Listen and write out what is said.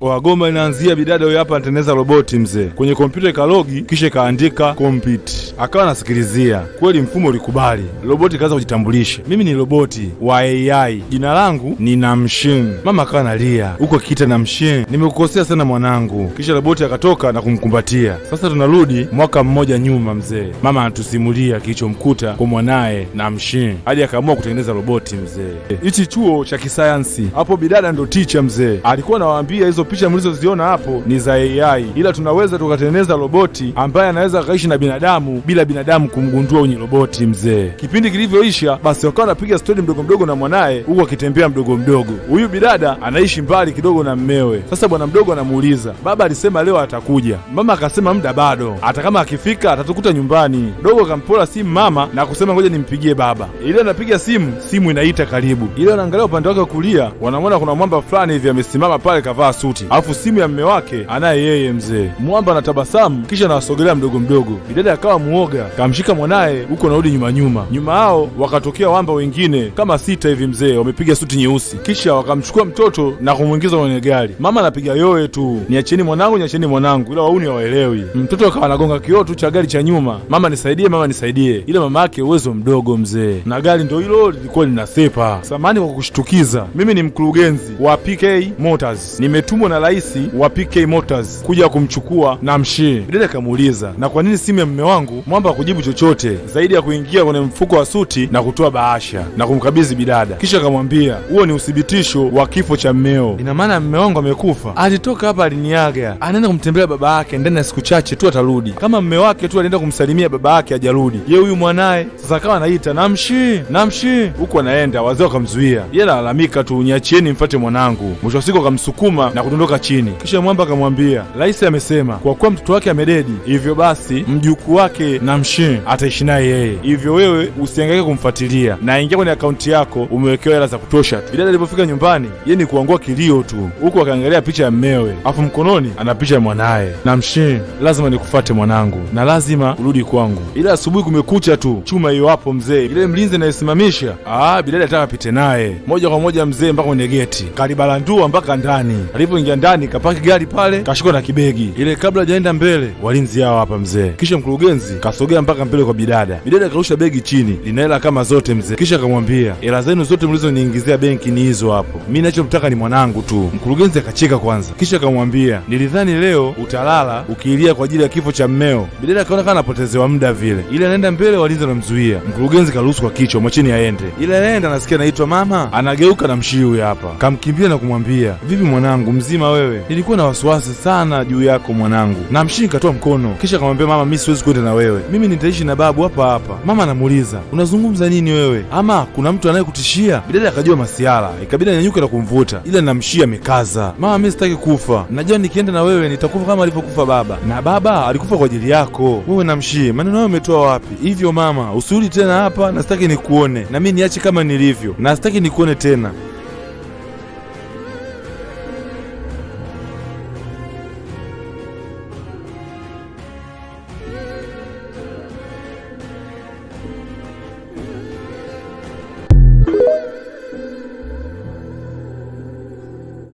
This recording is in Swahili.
Wagoma inaanzia bidada huyo hapa anatengeneza roboti mzee, kwenye kompyuta ikalogi, kisha ikaandika kompiti, akawa anasikilizia. Kweli mfumo ulikubali, roboti ikaanza kujitambulisha, mimi ni roboti wa AI, jina langu ni Namshin. Mama akawa analia huko kita, Namshin, nimekukosea sana mwanangu. Kisha roboti akatoka na kumkumbatia. Sasa tunarudi mwaka mmoja nyuma mzee, mama anatusimulia kilichomkuta kwa mwanaye Namshin hadi akaamua kutengeneza roboti mzee. Hichi chuo cha kisayansi hapo, bidada ndo ticha mzee, alikuwa anawaambia hizo picha mlizoziona hapo ni za AI, ila tunaweza tukatengeneza roboti ambaye anaweza akaishi na binadamu bila binadamu kumgundua wenye roboti mzee. Kipindi kilivyoisha, basi wakawa anapiga stori mdogo mdogo na mwanaye, huku akitembea mdogo mdogo. Huyu bidada anaishi mbali kidogo na mmewe. Sasa bwana mdogo anamuuliza, baba alisema leo atakuja. Mama akasema muda bado, hata kama akifika atatukuta nyumbani. Dogo akampola simu mama na kusema ngoja nimpigie baba. Ile anapiga simu, simu inaita karibu. Ile anaangalia upande wake kulia, wanamwona kuna mwamba fulani hivi amesimama pale, kavaa suti sauti, alafu simu ya mme wake anaye yeye mzee mwamba anatabasamu, kisha anawasogelea mdogo mdogo. Bidada akawa muoga, kamshika mwanaye huko, anarudi nyuma nyuma nyuma. yao wakatokea wamba wengine kama sita hivi, mzee wamepiga suti nyeusi, kisha wakamchukua mtoto na kumwingiza kwenye gari. Mama anapiga yowe tu, niacheni mwanangu, niacheni mwanangu, ila wauni hawaelewi. Mtoto akawa anagonga kioo tu cha gari cha nyuma, mama nisaidie, mama nisaidie, ila mama yake uwezo mdogo mzee, na gari ndo hilo lilikuwa linasepa. Samani kwa kushtukiza, mimi ni mkurugenzi wa PK Motors, nimetumwa yuko na rais wa PK Motors kuja kumchukua na mshie. Bidada akamuuliza na kwa nini simu ya mme wangu? Mwamba kujibu chochote zaidi ya kuingia kwenye mfuko wa suti na kutoa bahasha na kumkabidhi bidada, kisha akamwambia huo ni uthibitisho wa kifo cha mmeo. Ina maana mme wangu amekufa, alitoka hapa aliniaga, anaenda kumtembelea baba yake, ndani ya siku chache tu atarudi. Kama mme wake tu alienda kumsalimia baba yake hajarudi, ye huyu mwanaye sasa akawa anaita namshi namshi, huku anaenda, wazee wakamzuia. Yeye analalamika tu, niachieni mfate mwanangu. Mwisho wa siku akamsukuma na akadondoka chini. Kisha mwamba akamwambia, raisi amesema kwa kuwa mtoto wake amededi, hivyo basi mjukuu wake Namshin ataishi naye yeye, hivyo wewe usihangaike kumfuatilia na ingia kwenye akaunti yako, umewekewa hela za kutosha tu. Bidada alipofika nyumbani, ye ni kuangua kilio tu, huku akaangalia picha ya mmewe, afu mkononi ana picha ya mwanaye Namshin. Lazima nikufate mwanangu, na lazima urudi kwangu. Ila asubuhi kumekucha tu, chuma hiyo hapo mzee, ile mlinzi anayesimamisha ah, bidada ataka apite naye moja kwa moja mzee mpaka kwenye geti, kalibalandua mpaka ndani alipo kuingia ndani, kapaki gari pale, kashikwa na kibegi ile. Kabla hajaenda mbele, walinzi hao hapa mzee. Kisha mkurugenzi kasogea mpaka mbele kwa bidada, bidada akarusha begi chini, lina hela kama zote mzee. Kisha akamwambia hela zenu zote mlizoniingizia benki ni hizo hapo, mi nachomtaka ni mwanangu tu. Mkurugenzi akacheka kwanza, kisha akamwambia nilidhani leo utalala ukiilia kwa ajili ya kifo cha mmeo. Bidada akaona kana apotezewa muda vile, ile anaenda mbele, walinzi anamzuia Mkurugenzi karuhusu kwa kichwa, mwachini aende. Ile anaenda, anasikia anaitwa mama, anageuka na mshiu hapa, kamkimbia na kumwambia vipi mwanangu mzee mzima wewe, nilikuwa na wasiwasi sana juu yako mwanangu. Na mshini katoa mkono, kisha kamwambia mama, mimi siwezi kwenda na wewe, mimi nitaishi na babu hapa hapa. Mama anamuuliza unazungumza nini wewe, ama kuna mtu anayekutishia? Bidada akajua masiala, ikabidi anyanyuke na kumvuta, ila namshia amekaza. Mama, mimi sitaki kufa, najua nikienda na wewe nitakufa kama alivyokufa baba, na baba alikufa kwa ajili yako wewe. Namshii, maneno hayo umetoa wapi? Hivyo mama, usiuli tena hapa, na sitaki nikuone, na mimi niache kama nilivyo, na sitaki nikuone tena.